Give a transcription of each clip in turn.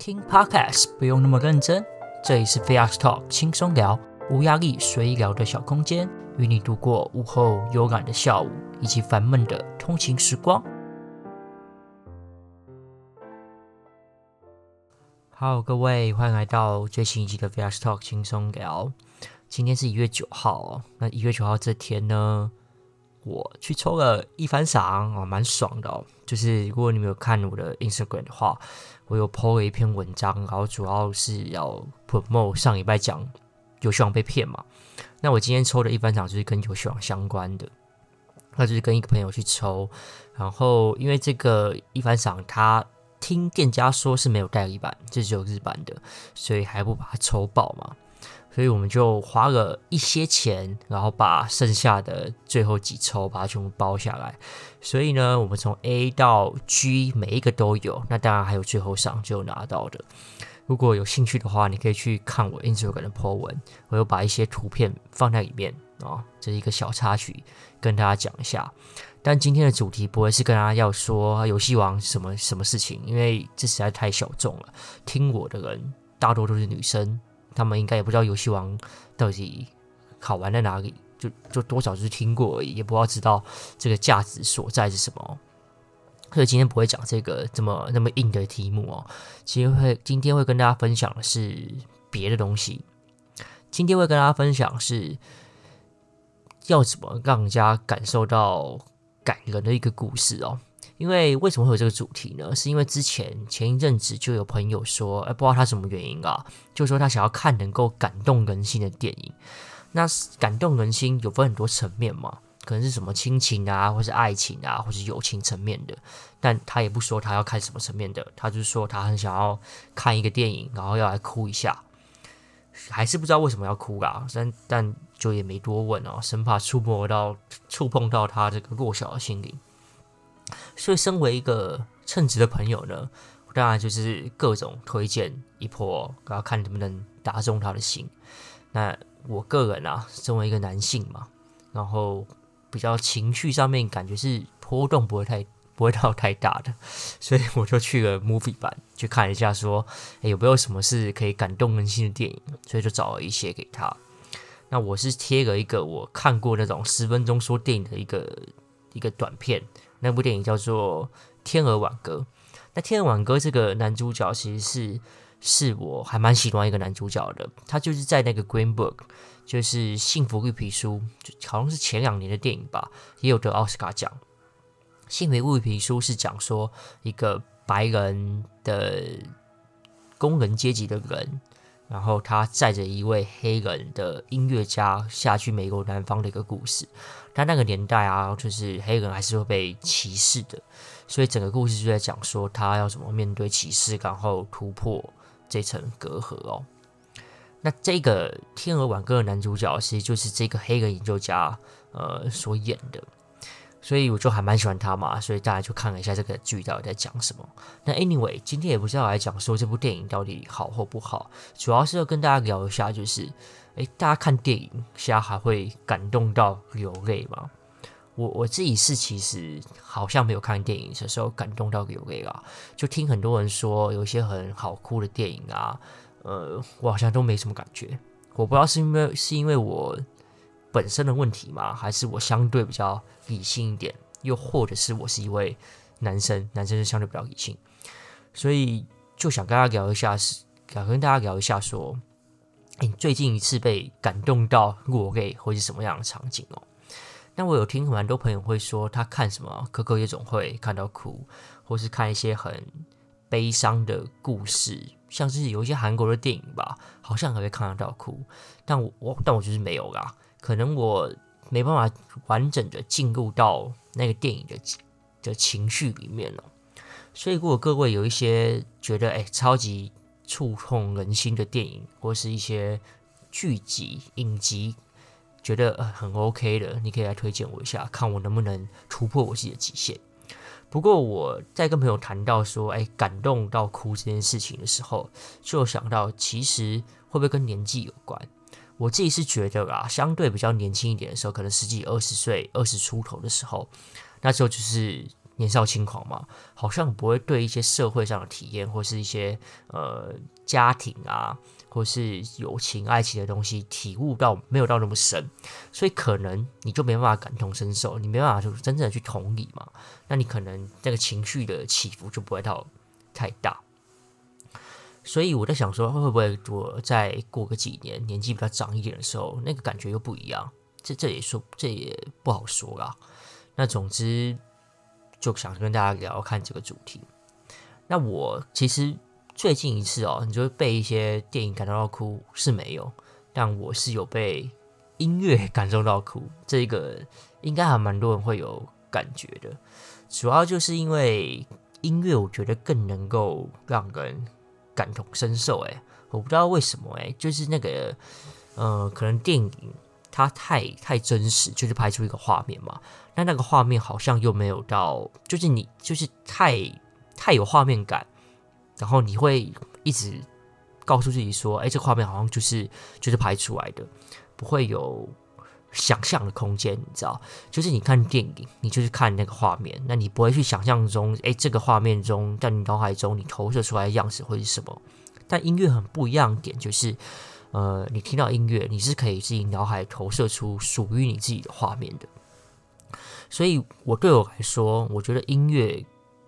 聽 Podcast 不用那麼認真，這裡是 VX Talk 輕鬆聊，無壓力隨意聊的小空間，與你度過午後悠然的下午，以及煩悶的通勤時光。Hello 各位，歡迎來到最新一期的 VX Talk 輕鬆聊。今天是一月九號，那一月九號這天呢，我去抽了一番賞，蠻爽的哦。就是如果你們有看我的 Instagram 的話。我有 po 了一篇文章，然後主要是要 promote 上禮拜講遊戲王被騙嘛。那我今天抽的一番賞就是跟遊戲王相關的，那就是跟一個朋友去抽，然後因為這個一番賞他聽店家說是沒有代理版，就是、只有日版的，所以還不把它抽爆嘛。所以我們就花了一些錢，然後把剩下的最後幾抽把它全部包下來。所以呢，我們從 A 到 G 每一個都有。那當然還有最後上就拿到的。如果有興趣的話，你可以去看我 Instagram 的 po 文，我有把一些圖片放在裡面啊、哦。這是一個小插曲，跟大家講一下。但今天的主題不會是跟大家要說遊戲王什麼什麼事情，因為這實在太小眾了。聽我的人大多都是女生。他們應該也不知道遊戲王到底好玩在哪裡，就就多少是聽過而已，也不知道知道這個價值所在是什麼。所以今天不會講這個這麼那麼硬的題目哦，其實會，今天會跟大家分享的是別的東西。今天會跟大家分享的是要怎麼讓人家感受到感人的一個故事哦。因為為什麼會有這個主題呢？是因為之前前一陣子就有朋友說，哎、呃，不知道他什麼原因啊，就說他想要看能夠感動人心的電影。那感動人心有分很多層面嘛，可能是什麼親情啊，或是愛情啊，或是友情層面的。但他也不說他要看什麼層面的，他就是說他很想要看一個電影，然後要來哭一下。還是不知道為什麼要哭啊，但但就也沒多問哦、啊，生怕觸摸到、觸碰到他這個弱小的心靈。所以，身為一個稱職的朋友呢，我當然就是各種推薦一波，然後看能不能打中他的心。那我個人啊，身為一個男性嘛，然後比較情緒上面感覺是波動不會太不會到太大的，所以我就去了 movie 版，去看一下說，說、哎、有沒有什麼是可以感動人心的電影，所以就找了一些給他。那我是貼了一個我看過那種十分鐘說電影的一個一個短片。那部電影叫做《天鵝輓歌》，那天鵝輓歌這個男主角其實是是我還蠻喜歡一個男主角的，他就是在那個《Green Book》，就是《幸福綠皮書》，好像是前兩年的電影吧，也有得奧斯卡獎。《幸福綠皮書》是講說一個白人的工人階級的人。然後他載着一位黑人的音樂家下去美國南方的一個故事。他那個年代啊，就是黑人還是會被歧視的，所以整個故事就在講說他要怎麼面對歧視，然後突破這層隔閡哦。那這個《天鵝輓歌》的男主角其實就是這個黑人演奏家呃所演的。所以我就還蠻喜歡他嘛，所以大家就看了一下這個劇到底在講什麼。那 anyway，今天也不知道來講說這部電影到底好或不好，主要是要跟大家聊一下，就是，誒、欸，大家看電影現在還會感動到流淚嗎？我我自己是其實好像沒有看電影的時候感動到流淚啦，就聽很多人說有一些很好哭的電影啊，呃，我好像都沒什麼感覺。我不知道是因為是因為我本身的問題嘛，還是我相對比較理性一點，又或者是我是一位男生，男生是相對比較理性，所以就想跟大家聊一下，想跟大家聊一下說，說、欸、你最近一次被感動到落淚會是什麼樣的場景哦、喔？那我有聽很多朋友會說，他看什麼《可可夜總會》看到哭，或是看一些很悲傷的故事，像是有一些韓國的電影吧，好像還會看得到哭，但我我但我就是沒有啦。可能我沒辦法完整的進入到那個電影的的情緒裡面了，所以如果各位有一些覺得哎、欸、超級觸痛人心的電影或是一些劇集影集，覺得呃很 OK 的，你可以來推薦我一下，看我能不能突破我自己的極限。不過我在跟朋友談到說哎、欸、感動到哭這件事情的時候，就想到其實會不會跟年紀有關？我自己是覺得啦，相對比較年輕一點的時候，可能十幾、二十歲、二十出頭的時候，那時候就是年少輕狂嘛，好像不會對一些社會上的體驗，或是一些呃家庭啊，或是友情、愛情的東西體悟到沒有到那麼深，所以可能你就沒辦法感同身受，你沒辦法就真正的去同理嘛，那你可能那個情緒的起伏就不會到太大。所以我在想，說會不會我再過個幾年，年紀比較長一點的時候，那個感覺又不一樣？這這也說，這也不好說啦。那總之就想跟大家聊看這個主題。那我其實最近一次哦、喔，你就會被一些電影感動到哭是沒有，但我是有被音樂感受到哭。這個應該還蠻多人會有感覺的，主要就是因為音樂，我覺得更能夠讓人感同身受欸，我不知道為什麼欸，就是那個，呃，可能電影它太太真實，就是拍出一個畫面嘛，但那那個畫面好像又沒有到，就是你就是太太有畫面感，然後你會一直告訴自己說，欸，這個畫面好像就是就是拍出來的，不會有。想象的空間，你知道，就是你看電影，你就是看那個畫面，那你不會去想象中，哎、欸，這個畫面中在你腦海中你投射出來的樣子會是什麼？但音樂很不一樣點，就是，呃，你聽到音樂，你是可以自己腦海投射出屬於你自己的畫面的。所以，我對我來說，我覺得音樂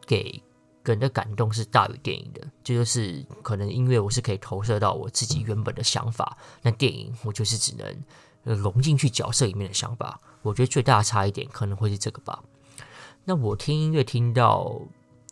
給個人的感動是大於電影的。這就，就是可能音樂我是可以投射到我自己原本的想法，嗯、那電影我就是只能。融進去角色裡面的想法，我覺得最大的差異點可能會是這個吧。那我聽音樂聽到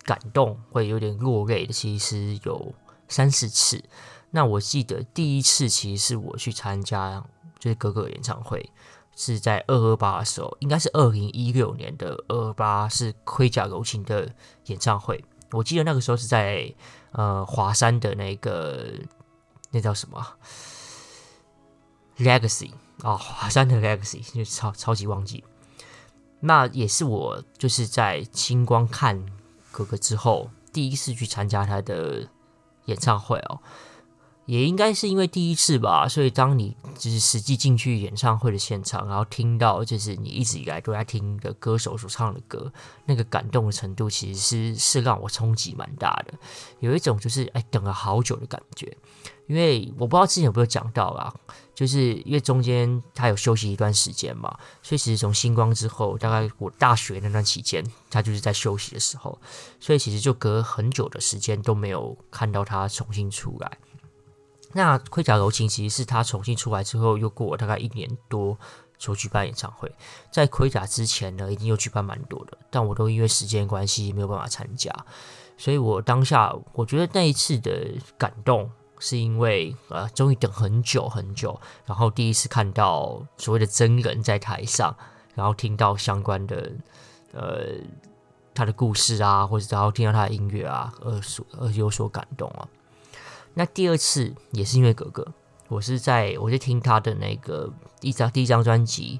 感動會有點落淚的，其實有三四次。那我記得第一次其實是我去參加就是格格演唱會，是在二二八的時候，應該是二零一六年的二二八，是《盔甲柔情》的演唱會。我記得那個時候是在呃華山的那個那叫什麼啊？Legacy。啊，華山的 Legacy 就超超級忘記。那也是我就是在星光看哥哥之後第一次去參加他的演唱會哦。也應該是因為第一次吧，所以當你就是實際進去演唱會的現場，然後聽到就是你一直以來都在聽的歌手所唱的歌，那個感動的程度其實是是讓我衝擊蠻大的，有一種就是哎，等了好久的感覺，因為我不知道之前有沒有講到啊，就是因為中間他有休息一段時間嘛，所以其實從星光之後，大概我大學那段期間，他就是在休息的時候，所以其實就隔很久的時間都沒有看到他重新出來。那盔甲柔情其實是他重新出來之後，又過了大概一年多所舉辦演唱會。在盔甲之前呢，已經又舉辦蠻多的，但我都因為時間關係沒有辦法參加。所以我當下我覺得那一次的感動，是因為啊，終於等很久很久，然後第一次看到所謂的真人在台上，然後聽到相關的呃他的故事啊，或者然後聽到他的音樂啊，而所而有所感動啊。那第二次也是因為格格，我是在我在聽他的那個第一張第一張專輯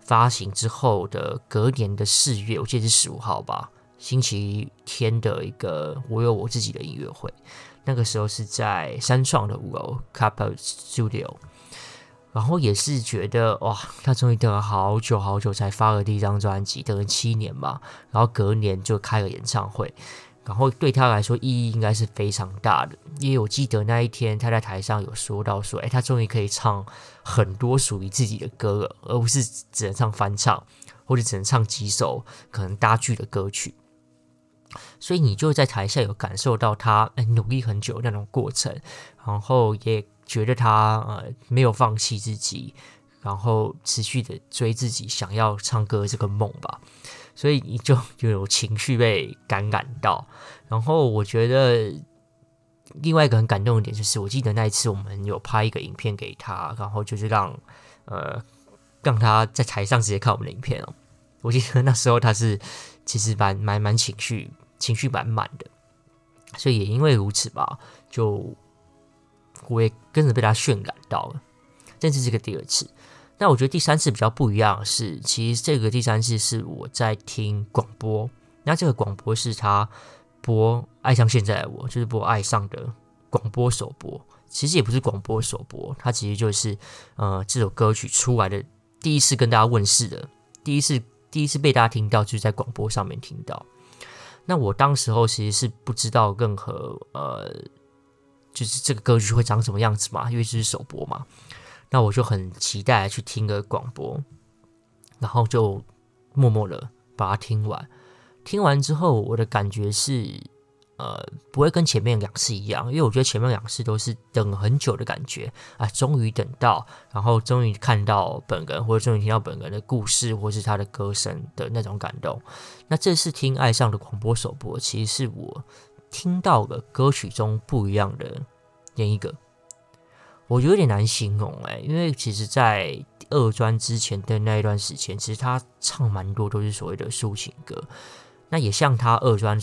發行之後的隔年的四月，我記得是十五號吧，星期天的一個，我有我自己的音樂會，那個時候是在三創的五樓 Clapper Studio，然後也是覺得哇，他終於等了好久好久才發了第一張專輯，等了七年嘛，然後隔年就開了演唱會。然後對他來說意義應該是非常大的，因為我記得那一天他在台上有說到說，哎，他終於可以唱很多屬於自己的歌了，而不是只能唱翻唱或者只能唱幾首可能搭劇的歌曲。所以你就在台下有感受到他，哎，努力很久的那種過程，然後也覺得他呃沒有放棄自己，然後持續的追自己想要唱歌這個夢吧。所以你就就有情緒被感染到，然後我覺得另外一個很感動的點就是，我記得那一次我們有拍一個影片給他，然後就是讓呃讓他在台上直接看我們的影片哦。我記得那時候他是其實蠻蠻蠻情緒情緒滿滿的，所以也因為如此吧，就我也跟着被他渲染到了。這是這個第二次。那我覺得第三次比較不一樣是，其實這個第三次是我在聽廣播，那這個廣播是他播《愛上現在的我》，就是播《愛上的廣播首播》，其實也不是廣播首播，它其實就是呃這首歌曲出來的第一次跟大家問世的，第一次第一次被大家聽到就是在廣播上面聽到。那我當時候其實是不知道任何呃，就是這個歌曲會長什麼樣子嘛，因為這是首播嘛。那我就很期待去聽個廣播，然後就默默的把它聽完。聽完之後，我的感覺是，呃，不會跟前面兩次一樣，因為我覺得前面兩次都是等很久的感覺啊，終於等到，然後終於看到本人，或者終於聽到本人的故事，或者是他的歌聲的那種感動。那這次聽《愛上的廣播》首播，其實是我聽到的歌曲中不一樣的另一個。我有點難形容欸，因為其實，在二專之前的那一段時間，其實他唱蠻多都是所謂的抒情歌。那也像他二專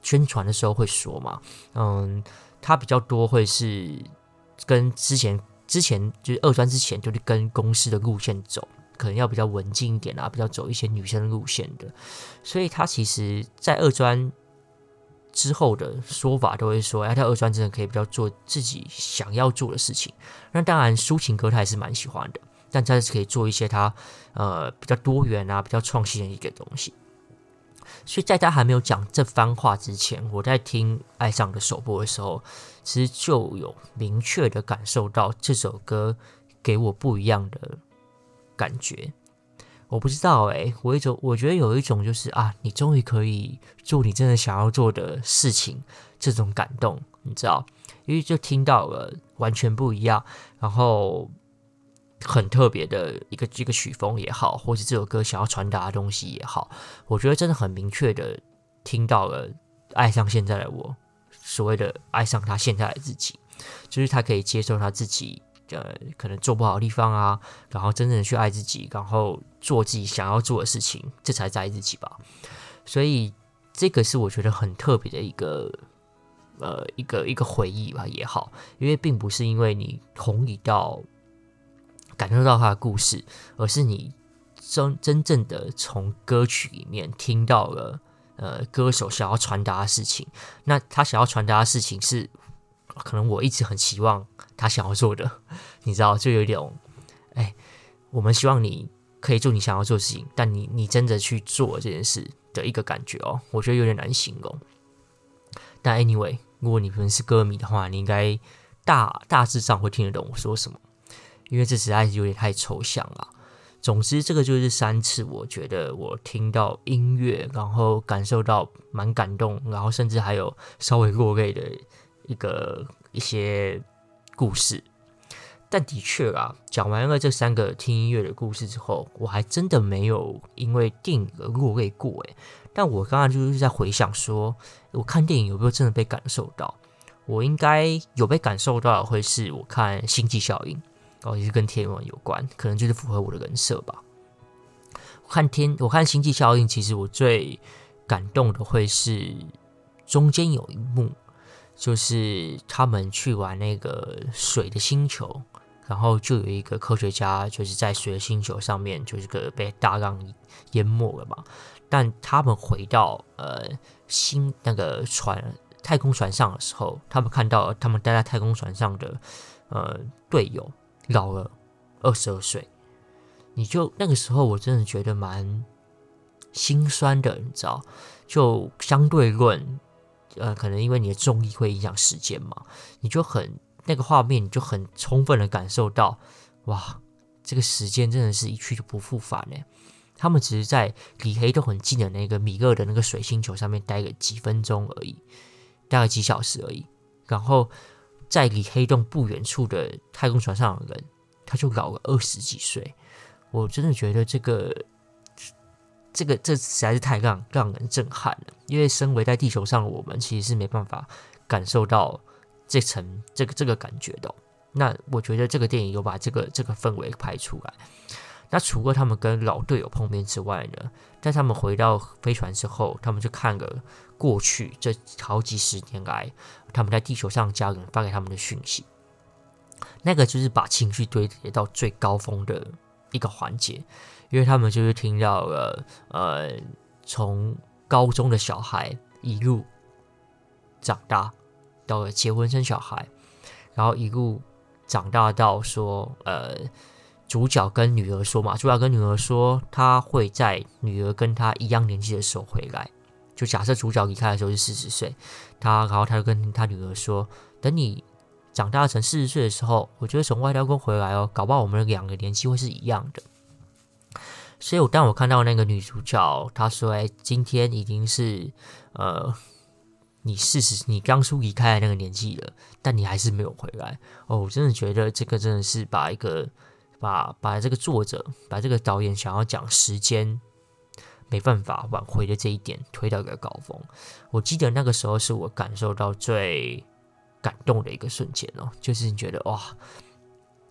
宣傳的時候會說嘛，嗯，他比較多會是跟之前，之前就是二專之前，就是跟公司的路線走，可能要比較文靜一點啊，比較走一些女生路線的。所以他其實，在二專。之後的說法都會說，哎、他二專真的可以比較做自己想要做的事情。那當然，抒情歌他還是蠻喜歡的，但他是可以做一些他呃比較多元啊、比較創新的一個東西。所以在他還沒有講這番話之前，我在聽《愛上》的首播的時候，其實就有明確的感受到這首歌給我不一樣的感覺。我不知道哎、欸，我一種，我覺得有一種就是啊，你終於可以做你真的想要做的事情，這種感動，你知道？因為就聽到了完全不一樣，然後很特別的一個一個曲風也好，或是這首歌想要傳達的東西也好，我覺得真的很明確的聽到了，愛上現在的我，所謂的愛上他現在的自己，就是他可以接受他自己。呃，可能做不好的地方啊，然後真正的去愛自己，然後做自己想要做的事情，這才在愛自己吧。所以這個是我覺得很特別的一個呃一個一個回憶吧也好，因為並不是因為你同意到感受到他的故事，而是你真真正的從歌曲裡面聽到了呃歌手想要傳達的事情。那他想要傳達的事情是，可能我一直很期望。他想要做的，你知道，就有一種，哎、欸，我們希望你可以做你想要做的事情，但你你真的去做這件事的一個感覺哦、喔，我覺得有點難形容。但 anyway，如果你不是歌迷的話，你應該大大致上會聽得懂我說什麼，因為這實在是有點太抽象了。總之，這個就是三次，我覺得我聽到音樂，然後感受到蠻感動，然後甚至還有稍微落淚的一個一些。故事，但的確啊，講完了這三個聽音樂的故事之後，我還真的沒有因為電影而落淚過誒，但我剛剛就是在回想說，說我看電影有沒有真的被感受到？我應該有被感受到，會是我看《星際效應》，哦，也是跟天文有關，可能就是符合我的人設吧。看天，我看《星際效應》，其實我最感動的會是中間有一幕。就是他們去玩那個水的星球，然後就有一個科學家，就是在水的星球上面，就是個被大浪淹沒了嘛，但他們回到呃新那個船太空船上的時候，他們看到他們待在太空船上的呃隊友老了二十二歲，你就那個時候我真的覺得蠻心酸的，你知道？就相對論。呃，可能因為你的重力會影響時間嘛，你就很那個畫面，你就很充分的感受到，哇，這個時間真的是一去就不復返呢。他們只是在離黑洞很近的那個米勒的那個水星球上面待個幾分鐘而已，待了幾小時而已，然後在離黑洞不遠處的太空船上的人，他就老了二十幾歲。我真的覺得這個，這個，這實在是太讓讓人震撼了。因為身為在地球上的我們其實是沒辦法感受到這層這個這個感覺的哦。那我覺得這個電影有把這個這個氛圍拍出來。那除了他們跟老隊友碰面之外呢，在他們回到飛船之後，他們就看了過去這好幾十年來他們在地球上家人發給他們的訊息。那個就是把情緒堆疊到最高峰的一個環節，因為他們就是聽到了呃從。高中的小孩一路長大，到了結婚生小孩，然後一路長大到說，呃，主角跟女兒說嘛，主角跟女兒說，她會在女兒跟她一樣年紀的時候回來。就假設主角離開的時候是四十歲，他然後他就跟他女兒說，等你長大成四十歲的時候，我覺得從外太空回來哦，搞不好我們兩個年紀會是一樣的。所以我，當我看到那個女主角，她說：“哎、欸，今天已經是，呃，你四十，你剛出離開的那個年紀了，但你還是沒有回來。”哦，我真的覺得這個真的是把一個把把這個作者，把這個導演想要講時間沒辦法挽回，的這一點推到一個高峰。我記得那個時候是我感受到最感動的一個瞬間哦，就是你覺得哇，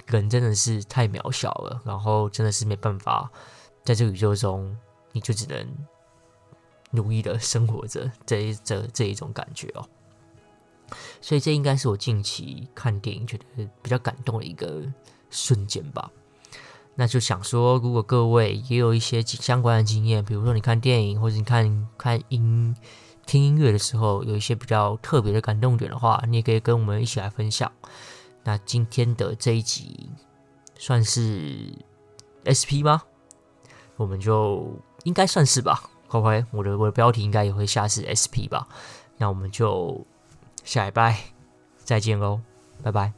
人真的是太渺小了，然後真的是沒辦法。在這個宇宙中，你就只能努力的生活着這一這這一種感覺哦。所以這應該是我近期看電影覺得比較感動的一個瞬間吧。那就想說，如果各位也有一些相關的經驗，比如說你看電影或者你看看音聽音樂的時候，有一些比較特別的感動點的話，你也可以跟我們一起來分享。那今天的這一集算是 SP 嗎？我們就應該算是吧，快快，我的我的標題應該也會下次 SP 吧，那我們就下禮拜再見嘍、哦，拜拜。